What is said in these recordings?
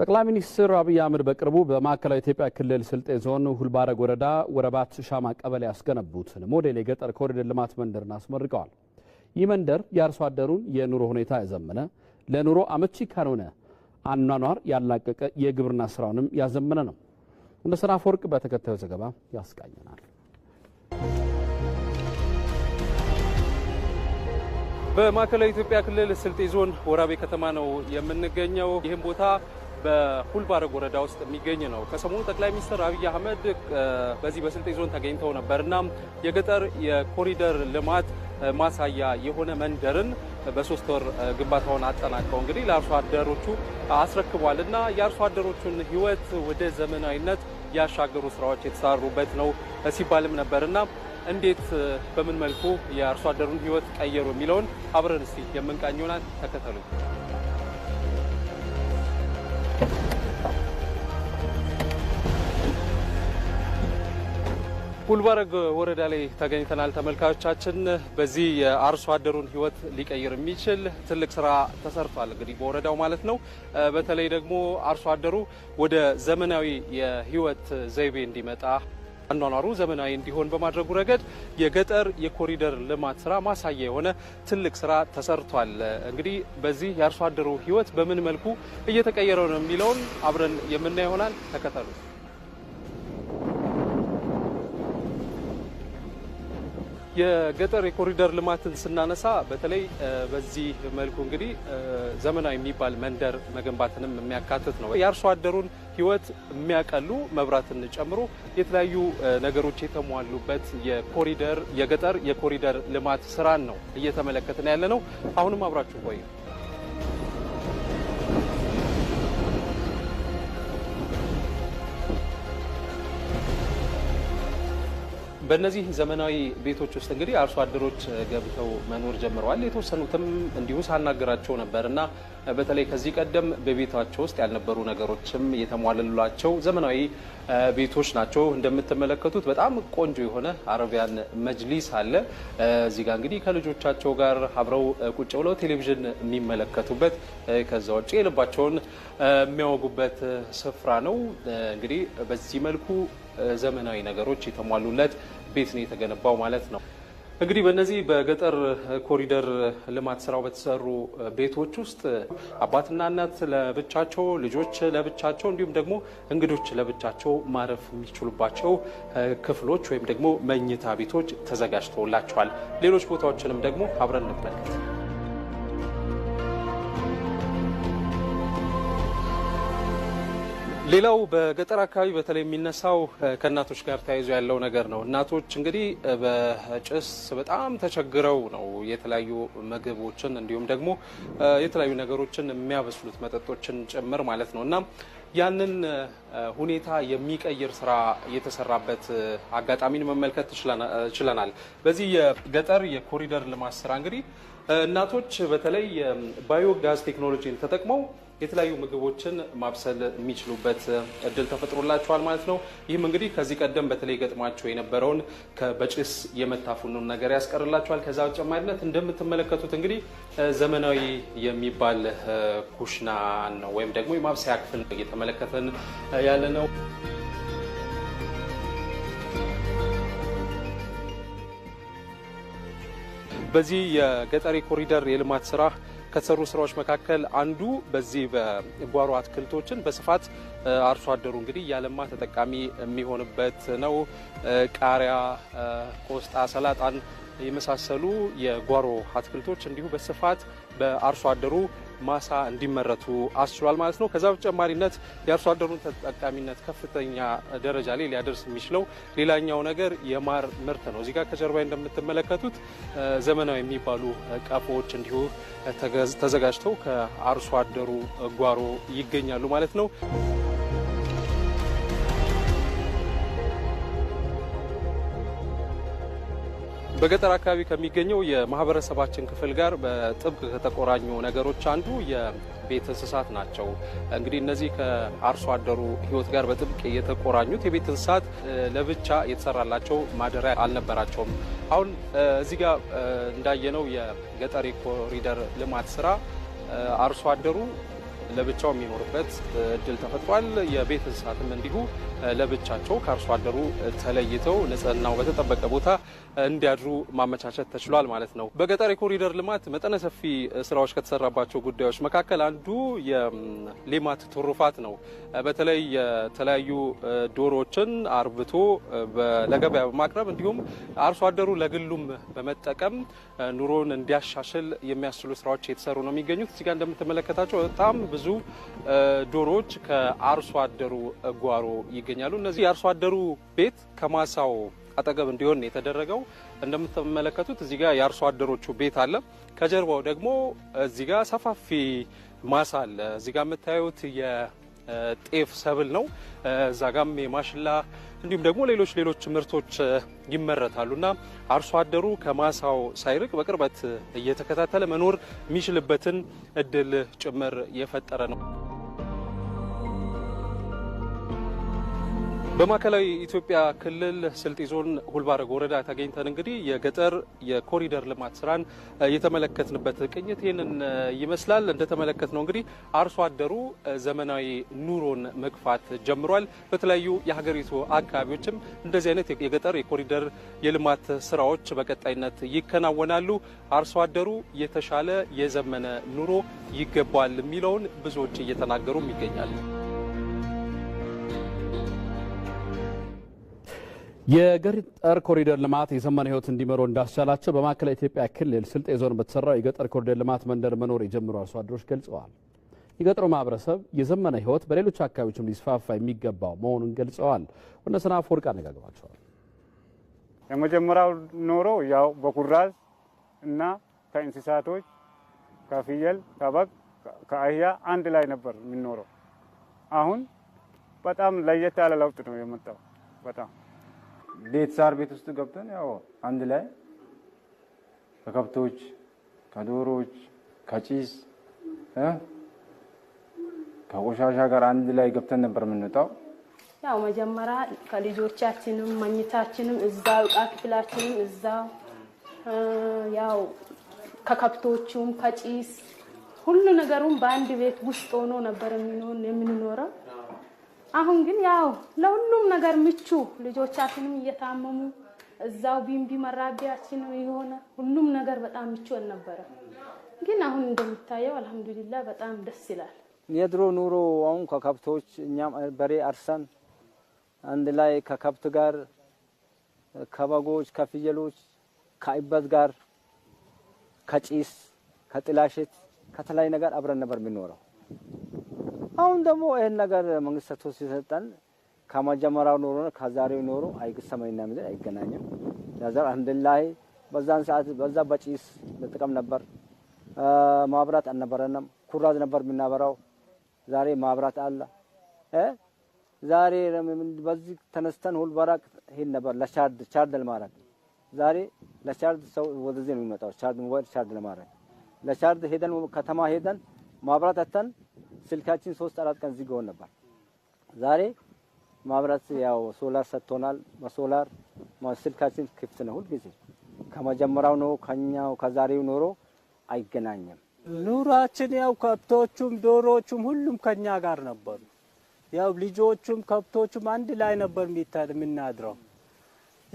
ጠቅላይ ሚኒስትር አብይ አህመድ በቅርቡ በማዕከላዊ ኢትዮጵያ ክልል ስልጤ ዞን ሁልባረግ ወረዳ ወረባት ሻማ ቀበሌ ያስገነቡትን ሞዴል የገጠር ኮሪደር ልማት መንደርን አስመርቀዋል። ይህ መንደር የአርሶ አደሩን የኑሮ ሁኔታ ያዘመነ፣ ለኑሮ አመቺ ካልሆነ አኗኗር ያላቀቀ የግብርና ስራውንም ያዘመነ ነው። እንደ ስራ አፈወርቅ በተከታዩ ዘገባ ያስቃኘናል። በማዕከላዊ ኢትዮጵያ ክልል ስልጤ ዞን ወራቤ ከተማ ነው የምንገኘው። ይህም ቦታ በሁልባረግ ወረዳ ውስጥ የሚገኝ ነው። ከሰሞኑ ጠቅላይ ሚኒስትር አብይ አህመድ በዚህ በስልጤ ዞን ተገኝተው ነበር እና የገጠር የኮሪደር ልማት ማሳያ የሆነ መንደርን በሶስት ወር ግንባታውን አጠናቀው እንግዲህ ለአርሶ አደሮቹ አስረክቧል እና የአርሶ አደሮቹን ሕይወት ወደ ዘመናዊነት ያሻገሩ ስራዎች የተሰሩበት ነው ሲባልም ነበር እና እንዴት በምን መልኩ የአርሶ አደሩን ሕይወት ቀየሩ የሚለውን አብረን እስቲ የምንቃኝ ይሆናል። ተከተሉኝ። ጉልባረግ ወረዳ ላይ ተገኝተናል። ተመልካዮቻችን በዚህ የአርሶ አደሩን ሕይወት ሊቀይር የሚችል ትልቅ ስራ ተሰርቷል። እንግዲህ በወረዳው ማለት ነው። በተለይ ደግሞ አርሶ አደሩ ወደ ዘመናዊ የሕይወት ዘይቤ እንዲመጣ አኗኗሩ ዘመናዊ እንዲሆን በማድረጉ ረገድ የገጠር የኮሪደር ልማት ስራ ማሳያ የሆነ ትልቅ ስራ ተሰርቷል። እንግዲህ በዚህ የአርሶ አደሩ ህይወት በምን መልኩ እየተቀየረ ነው የሚለውን አብረን የምናይ ይሆናል። የገጠር የኮሪደር ልማትን ስናነሳ በተለይ በዚህ መልኩ እንግዲህ ዘመናዊ የሚባል መንደር መገንባትንም የሚያካትት ነው። የአርሶ አደሩን ሕይወት የሚያቀሉ መብራትን ጨምሮ የተለያዩ ነገሮች የተሟሉበት የኮሪደር የገጠር የኮሪደር ልማት ስራን ነው እየተመለከትን ያለ ነው። አሁንም አብራችሁ ቆዩ። በእነዚህ ዘመናዊ ቤቶች ውስጥ እንግዲህ አርሶ አደሮች ገብተው መኖር ጀምረዋል። የተወሰኑትም እንዲሁ ሳናገራቸው ነበር እና በተለይ ከዚህ ቀደም በቤታቸው ውስጥ ያልነበሩ ነገሮችም የተሟለሉላቸው ዘመናዊ ቤቶች ናቸው። እንደምትመለከቱት በጣም ቆንጆ የሆነ አረቢያን መጅሊስ አለ እዚህ ጋር እንግዲህ ከልጆቻቸው ጋር አብረው ቁጭ ብለው ቴሌቪዥን የሚመለከቱበት ከዛ ውጭ የልባቸውን የሚያወጉበት ስፍራ ነው። እንግዲህ በዚህ መልኩ ዘመናዊ ነገሮች የተሟሉለት ቤት ነው የተገነባው ማለት ነው። እንግዲህ በእነዚህ በገጠር ኮሪደር ልማት ስራው በተሰሩ ቤቶች ውስጥ አባትና እናት ለብቻቸው፣ ልጆች ለብቻቸው፣ እንዲሁም ደግሞ እንግዶች ለብቻቸው ማረፍ የሚችሉባቸው ክፍሎች ወይም ደግሞ መኝታ ቤቶች ተዘጋጅተውላቸዋል። ሌሎች ቦታዎችንም ደግሞ አብረን እንመልከት። ሌላው በገጠር አካባቢ በተለይ የሚነሳው ከእናቶች ጋር ተያይዞ ያለው ነገር ነው። እናቶች እንግዲህ በጭስ በጣም ተቸግረው ነው የተለያዩ ምግቦችን እንዲሁም ደግሞ የተለያዩ ነገሮችን የሚያበስሉት መጠጦችን ጭምር ማለት ነው እና ያንን ሁኔታ የሚቀይር ስራ የተሰራበት አጋጣሚን መመልከት ችለናል። በዚህ የገጠር የኮሪደር ልማት ስራ እንግዲህ እናቶች በተለይ ባዮጋዝ ቴክኖሎጂን ተጠቅመው የተለያዩ ምግቦችን ማብሰል የሚችሉበት እድል ተፈጥሮላቸዋል ማለት ነው። ይህም እንግዲህ ከዚህ ቀደም በተለይ ገጥሟቸው የነበረውን በጭስ የመታፈኑን ነገር ያስቀርላቸዋል። ከዛ በተጨማሪነት እንደምትመለከቱት እንግዲህ ዘመናዊ የሚባል ኩሽና ነው ወይም ደግሞ የማብሰያ ክፍል እየተመለከተን ያለ ነው። በዚህ የገጠር ኮሪደር የልማት ስራ ከተሰሩ ስራዎች መካከል አንዱ በዚህ በጓሮ አትክልቶችን በስፋት አርሶ አደሩ እንግዲህ ያለማ ተጠቃሚ የሚሆንበት ነው። ቃሪያ፣ ቆስጣ፣ ሰላጣን የመሳሰሉ የጓሮ አትክልቶች እንዲሁ በስፋት በአርሶ አደሩ ማሳ እንዲመረቱ አስችሏል ማለት ነው። ከዛ በተጨማሪነት የአርሶ አደሩን ተጠቃሚነት ከፍተኛ ደረጃ ላይ ሊያደርስ የሚችለው ሌላኛው ነገር የማር ምርት ነው። እዚጋ ከጀርባ እንደምትመለከቱት ዘመናዊ የሚባሉ ቀፎዎች እንዲሁ ተዘጋጅተው ከአርሶ አደሩ ጓሮ ይገኛሉ ማለት ነው። በገጠር አካባቢ ከሚገኘው የማህበረሰባችን ክፍል ጋር በጥብቅ ከተቆራኙ ነገሮች አንዱ የቤት እንስሳት ናቸው። እንግዲህ እነዚህ ከአርሶ አደሩ ሕይወት ጋር በጥብቅ የተቆራኙት የቤት እንስሳት ለብቻ የተሰራላቸው ማደሪያ አልነበራቸውም። አሁን እዚህ ጋር እንዳየነው የገጠር የኮሪደር ልማት ስራ አርሶ አደሩ ለብቻው የሚኖርበት እድል ተፈጥሯል። የቤት እንስሳትም እንዲሁ ለብቻቸው ከአርሶ አደሩ ተለይተው ንጽህናው በተጠበቀ ቦታ እንዲያድሩ ማመቻቸት ተችሏል ማለት ነው። በገጠር የኮሪደር ልማት መጠነ ሰፊ ስራዎች ከተሰራባቸው ጉዳዮች መካከል አንዱ የሌማት ትሩፋት ነው። በተለይ የተለያዩ ዶሮዎችን አርብቶ ለገበያ በማቅረብ እንዲሁም አርሶ አደሩ ለግሉም በመጠቀም ኑሮን እንዲያሻሽል የሚያስችሉ ስራዎች የተሰሩ ነው የሚገኙት። እዚጋ እንደምትመለከታቸው በጣም ብዙ ዶሮዎች ከአርሶ አደሩ ጓሮ ይገኛል። ይገኛሉ። እነዚህ የአርሶ አደሩ ቤት ከማሳው አጠገብ እንዲሆን የተደረገው። እንደምትመለከቱት እዚህ ጋር የአርሶ አደሮቹ ቤት አለ። ከጀርባው ደግሞ እዚህ ጋር ሰፋፊ ማሳ አለ። እዚህ ጋር የምታዩት የጤፍ ሰብል ነው። እዛ ጋም የማሽላ እንዲሁም ደግሞ ሌሎች ሌሎች ምርቶች ይመረታሉ እና አርሶ አደሩ ከማሳው ሳይርቅ በቅርበት እየተከታተለ መኖር የሚችልበትን እድል ጭምር የፈጠረ ነው። በማዕከላዊ ኢትዮጵያ ክልል ስልጤ ዞን ሁልባረግ ወረዳ ተገኝተን እንግዲህ የገጠር የኮሪደር ልማት ስራን የተመለከትንበት ቅኝት ይህንን ይመስላል። እንደተመለከት ነው እንግዲህ አርሶ አደሩ ዘመናዊ ኑሮን መግፋት ጀምሯል። በተለያዩ የሀገሪቱ አካባቢዎችም እንደዚህ አይነት የገጠር የኮሪደር የልማት ስራዎች በቀጣይነት ይከናወናሉ። አርሶ አደሩ የተሻለ የዘመነ ኑሮ ይገባል የሚለውን ብዙዎች እየተናገሩም ይገኛሉ። የገጠር ኮሪደር ልማት የዘመነ ህይወት እንዲመሩ እንዳስቻላቸው በማዕከላዊ ኢትዮጵያ ክልል ስልጤ ዞን በተሰራው የገጠር ኮሪደር ልማት መንደር መኖር የጀመሩ አርሶ አደሮች ገልጸዋል። የገጠሩ ማህበረሰብ የዘመነ ህይወት በሌሎች አካባቢዎችም ሊስፋፋ የሚገባው መሆኑን ገልጸዋል። ወነሰና ሰናፍ አነጋግሯቸዋል። የመጀመሪያው ኖሮ ያው በኩራዝ እና ከእንስሳቶች ከፍየል፣ ከበግ፣ ከአህያ አንድ ላይ ነበር የሚኖረው። አሁን በጣም ለየት ያለ ለውጥ ነው የመጣው በጣም ቤት ሳር ቤት ውስጥ ገብተን ያው አንድ ላይ ከከብቶች፣ ፣ከዶሮች ከጭስ ከቆሻሻ ጋር አንድ ላይ ገብተን ነበር የምንወጣው። ያው መጀመሪያ ከልጆቻችንም መኝታችንም እዛው እቃ ክፍላችንም እዛው ያው ከከብቶቹም ከጭስ ሁሉ ነገሩም በአንድ ቤት ውስጥ ሆኖ ነበር የምንኖረው። አሁን ግን ያው ለሁሉም ነገር ምቹ ልጆቻችንም እየታመሙ እዛው ቢንቢ መራቢያችን የሆነ ሁሉም ነገር በጣም ምቹ ነበረ። ግን አሁን እንደሚታየው አልሐምዱሊላ በጣም ደስ ይላል። የድሮ ኑሮ አሁን ከከብቶች እኛም በሬ አርሰን አንድ ላይ ከከብት ጋር ከበጎች፣ ከፍየሎች፣ ከአይበዝ ጋር ከጭስ፣ ከጥላሸት ከተለያየ ነገር አብረን ነበር የሚኖረው። አሁን ደግሞ ይህን ነገር መንግስት ሰጥቶ ሲሰጠን ከመጀመሪያው ኖሮ ከዛሬው ኖሮ አይቅሰመኝና ምድር አይገናኝም። ለዘር አልሐምዱሊላህ በዛን ሰዓት በዛ በጭስ ልጥቀም ነበር። ማብራት አልነበረንም። ኩራዝ ነበር የምናበራው። ዛሬ ማብራት አለ። ዛሬ በዚህ ተነስተን ሁል በራቅ ሄድ ነበር ለቻርድ ቻርድ ለማድረግ ዛሬ ለቻርድ ሰው ወደዚህ ነው የሚመጣው። ቻርድ ሞባይል ቻርድ ለማድረግ ለቻርድ ሄደን ከተማ ሄደን ማብራት አተን ስልካችን ሶስት አራት ቀን ዝግ ሆኖ ነበር። ዛሬ ማብራት ያው ሶላር ሰጥቶናል። በሶላር ስልካችን ክፍት ነው ሁልጊዜ። ከመጀመሪያው ነው ከኛው ከዛሬው ኖሮ አይገናኝም። ኑሯችን ያው ከብቶቹም ዶሮዎቹም ሁሉም ከኛ ጋር ነበሩ። ያው ልጆቹም ከብቶቹም አንድ ላይ ነበር የምናድረው።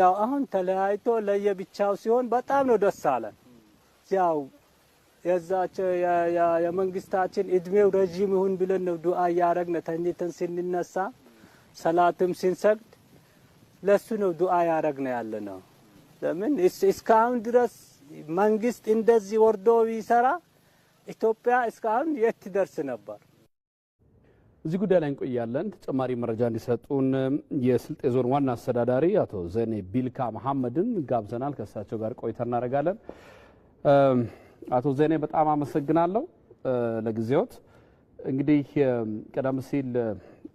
ያው አሁን ተለያይቶ ለየብቻው ሲሆን በጣም ነው ደስ አለን ያው የዛቸው የመንግስታችን እድሜው ረዥም ይሁን ብለን ነው ዱአ እያረግነ ተኝተን ስንነሳ ሰላትም ስንሰግድ ለሱ ነው ዱአ ያረግነ ያለ ነው። ለምን እስካሁን ድረስ መንግስት እንደዚህ ወርዶ ቢሰራ ኢትዮጵያ እስካሁን የት ትደርስ ነበር? እዚህ ጉዳይ ላይ እንቆያለን። ተጨማሪ መረጃ እንዲሰጡን የስልጤ ዞን ዋና አስተዳዳሪ አቶ ዘኔ ቢልካ መሐመድን ጋብዘናል። ከእሳቸው ጋር ቆይታ እናደርጋለን። አቶ ዜኔ በጣም አመሰግናለሁ ለጊዜዎት። እንግዲህ ቀደም ሲል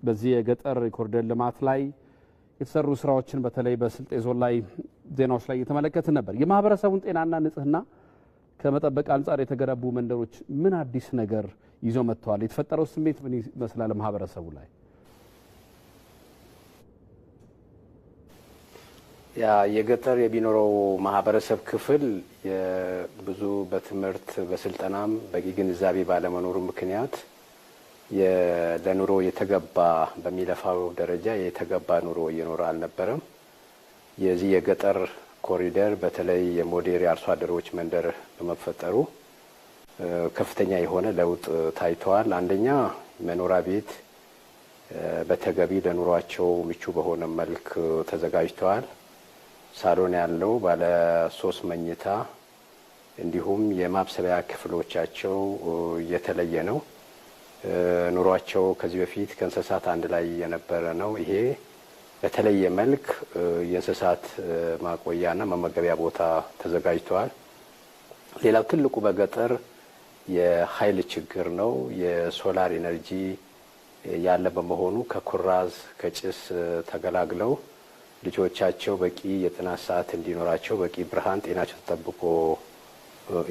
በዚህ የገጠር የኮሪደር ልማት ላይ የተሰሩ ስራዎችን በተለይ በስልጤ ዞን ላይ ዜናዎች ላይ እየተመለከትን ነበር። የማህበረሰቡን ጤናና ንጽህና ከመጠበቅ አንጻር የተገነቡ መንደሮች ምን አዲስ ነገር ይዞ መጥተዋል? የተፈጠረው ስሜት ምን ይመስላል ማህበረሰቡ ላይ? ያ የገጠር የሚኖረው ማህበረሰብ ክፍል ብዙ በትምህርት በስልጠናም በቂ ግንዛቤ ባለመኖሩ ምክንያት ለኑሮ የተገባ በሚለፋው ደረጃ የተገባ ኑሮ እየኖረ አልነበረም። የዚህ የገጠር ኮሪደር በተለይ የሞዴር የአርሶ አደሮች መንደር በመፈጠሩ ከፍተኛ የሆነ ለውጥ ታይተዋል። አንደኛ መኖሪያ ቤት በተገቢ ለኑሯቸው ምቹ በሆነ መልክ ተዘጋጅተዋል። ሳሎን ያለው ባለ ሶስት መኝታ እንዲሁም የማብሰቢያ ክፍሎቻቸው የተለየ ነው። ኑሯቸው ከዚህ በፊት ከእንስሳት አንድ ላይ የነበረ ነው። ይሄ በተለየ መልክ የእንስሳት ማቆያና መመገቢያ ቦታ ተዘጋጅተዋል። ሌላው ትልቁ በገጠር የኃይል ችግር ነው። የሶላር ኢነርጂ ያለ በመሆኑ ከኩራዝ ከጭስ ተገላግለው ልጆቻቸው በቂ የጥናት ሰዓት እንዲኖራቸው በቂ ብርሃን፣ ጤናቸው ተጠብቆ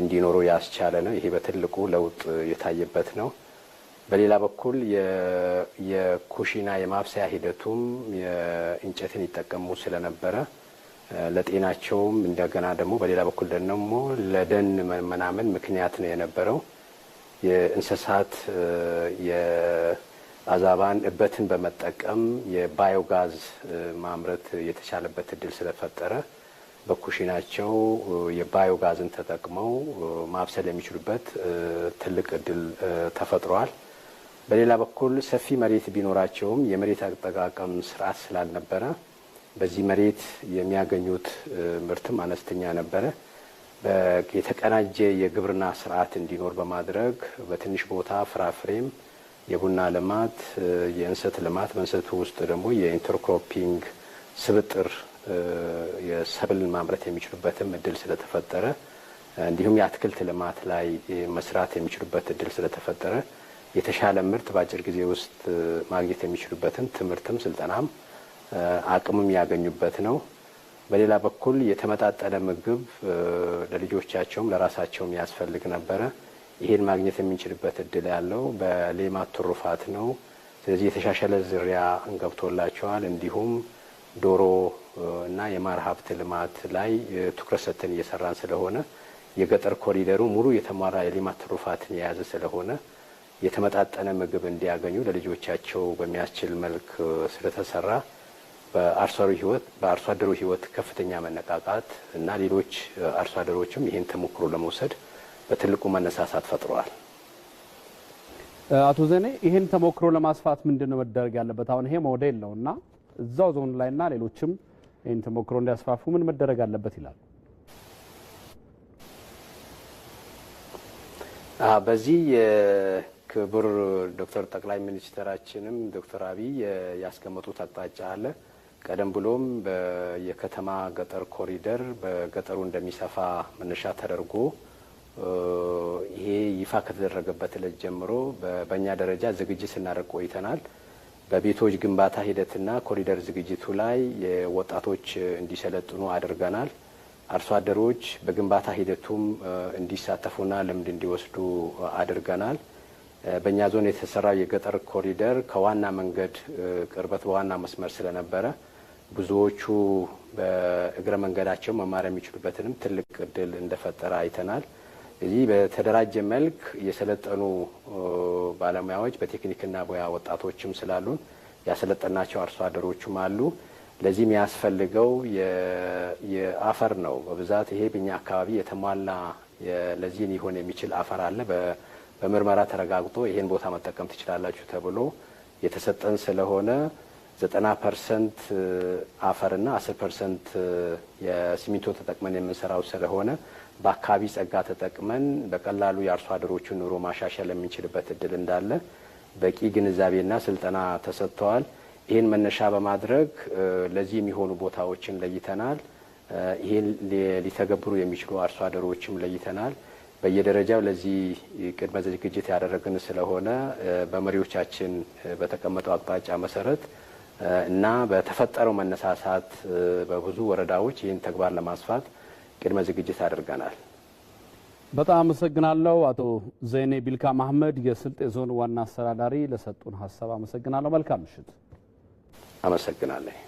እንዲኖሩ ያስቻለ ነው። ይሄ በትልቁ ለውጥ የታየበት ነው። በሌላ በኩል የኩሽና የማብሰያ ሂደቱም እንጨትን ይጠቀሙ ስለነበረ ለጤናቸውም እንደገና ደግሞ በሌላ በኩል ደግሞ ለደን መመናመን ምክንያት ነው የነበረው የእንስሳት አዛባን እበትን በመጠቀም የባዮጋዝ ማምረት የተቻለበት እድል ስለፈጠረ በኩሽናቸው የባዮጋዝን ተጠቅመው ማብሰል የሚችሉበት ትልቅ እድል ተፈጥሯል። በሌላ በኩል ሰፊ መሬት ቢኖራቸውም የመሬት አጠቃቀም ስርዓት ስላልነበረ በዚህ መሬት የሚያገኙት ምርትም አነስተኛ ነበረ። የተቀናጀ የግብርና ስርዓት እንዲኖር በማድረግ በትንሽ ቦታ ፍራፍሬም የቡና ልማት፣ የእንሰት ልማት በእንሰቱ ውስጥ ደግሞ የኢንተርክሮፒንግ ስብጥር የሰብል ማምረት የሚችሉበትም እድል ስለተፈጠረ እንዲሁም የአትክልት ልማት ላይ መስራት የሚችሉበት እድል ስለተፈጠረ የተሻለ ምርት በአጭር ጊዜ ውስጥ ማግኘት የሚችሉበትን ትምህርትም ስልጠናም አቅምም ያገኙበት ነው። በሌላ በኩል የተመጣጠነ ምግብ ለልጆቻቸውም ለራሳቸውም ያስፈልግ ነበረ። ይሄን ማግኘት የምንችልበት እድል ያለው በሌማት ትሩፋት ነው። ስለዚህ የተሻሻለ ዝርያ እንገብቶላቸዋል። እንዲሁም ዶሮ እና የማር ሀብት ልማት ላይ ትኩረት ሰጥተን እየሰራን ስለሆነ የገጠር ኮሪደሩ ሙሉ የተሟላ የሌማት ትሩፋትን የያዘ ስለሆነ የተመጣጠነ ምግብ እንዲያገኙ ለልጆቻቸው በሚያስችል መልክ ስለተሰራ በአርሶ አደሩ ህይወት ከፍተኛ መነቃቃት እና ሌሎች አርሶ አደሮችም ይህን ተሞክሮ ለመውሰድ በትልቁ መነሳሳት ፈጥሯል። አቶ ዘኔ ይህን ተሞክሮ ለማስፋት ምንድን ነው መደረግ ያለበት? አሁን ይሄ ሞዴል ነው እና እዛው ዞን እና ሌሎችም ይህን ተሞክሮ እንዲያስፋፉ ምን መደረግ አለበት ይላል። በዚህ የክቡር ዶክተር ጠቅላይ ሚኒስትራችንም ዶክተር አብይ ያስቀመጡት አቅጣጫ አለ። ቀደም ብሎም የከተማ ገጠር ኮሪደር በገጠሩ እንደሚሰፋ መነሻ ተደርጎ ይሄ ይፋ ከተደረገበት ዕለት ጀምሮ በእኛ ደረጃ ዝግጅት ስናደርግ ቆይተናል። በቤቶች ግንባታ ሂደትና ኮሪደር ዝግጅቱ ላይ የወጣቶች እንዲሰለጥኑ አድርገናል። አርሶ አደሮች በግንባታ ሂደቱም እንዲሳተፉና ልምድ እንዲወስዱ አድርገናል። በእኛ ዞን የተሰራው የገጠር ኮሪደር ከዋና መንገድ ቅርበት በዋና መስመር ስለነበረ ብዙዎቹ በእግረ መንገዳቸው መማር የሚችሉበትንም ትልቅ እድል እንደፈጠረ አይተናል። እዚህ በተደራጀ መልክ የሰለጠኑ ባለሙያዎች በቴክኒክና ሙያ ወጣቶችም ስላሉን ያሰለጠናቸው አርሶ አደሮችም አሉ። ለዚህ የሚያስፈልገው የአፈር ነው በብዛት ይሄ በኛ አካባቢ የተሟላ ለዚህ ሊሆን የሚችል አፈር አለ። በምርመራ ተረጋግጦ ይሄን ቦታ መጠቀም ትችላላችሁ ተብሎ የተሰጠን ስለሆነ ዘጠና ፐርሰንት አፈርና አስር ፐርሰንት የሲሚንቶ ተጠቅመን የምንሰራው ስለሆነ በአካባቢ ጸጋ ተጠቅመን በቀላሉ የአርሶ አደሮቹን ኑሮ ማሻሻል የምንችልበት እድል እንዳለ በቂ ግንዛቤና ስልጠና ተሰጥተዋል። ይህን መነሻ በማድረግ ለዚህ የሚሆኑ ቦታዎችን ለይተናል። ይህን ሊተገብሩ የሚችሉ አርሶ አደሮችም ለይተናል። በየደረጃው ለዚህ ቅድመ ዝግጅት ያደረግን ስለሆነ በመሪዎቻችን በተቀመጠው አቅጣጫ መሰረት እና በተፈጠረው መነሳሳት በብዙ ወረዳዎች ይህን ተግባር ለማስፋት ቅድመ ዝግጅት አድርገናል። በጣም አመሰግናለሁ አቶ ዘይኔ ቢልካ ማህመድ የስልጤ ዞን ዋና አስተዳዳሪ ለሰጡን ሀሳብ አመሰግናለሁ። መልካም ምሽት። አመሰግናለሁ።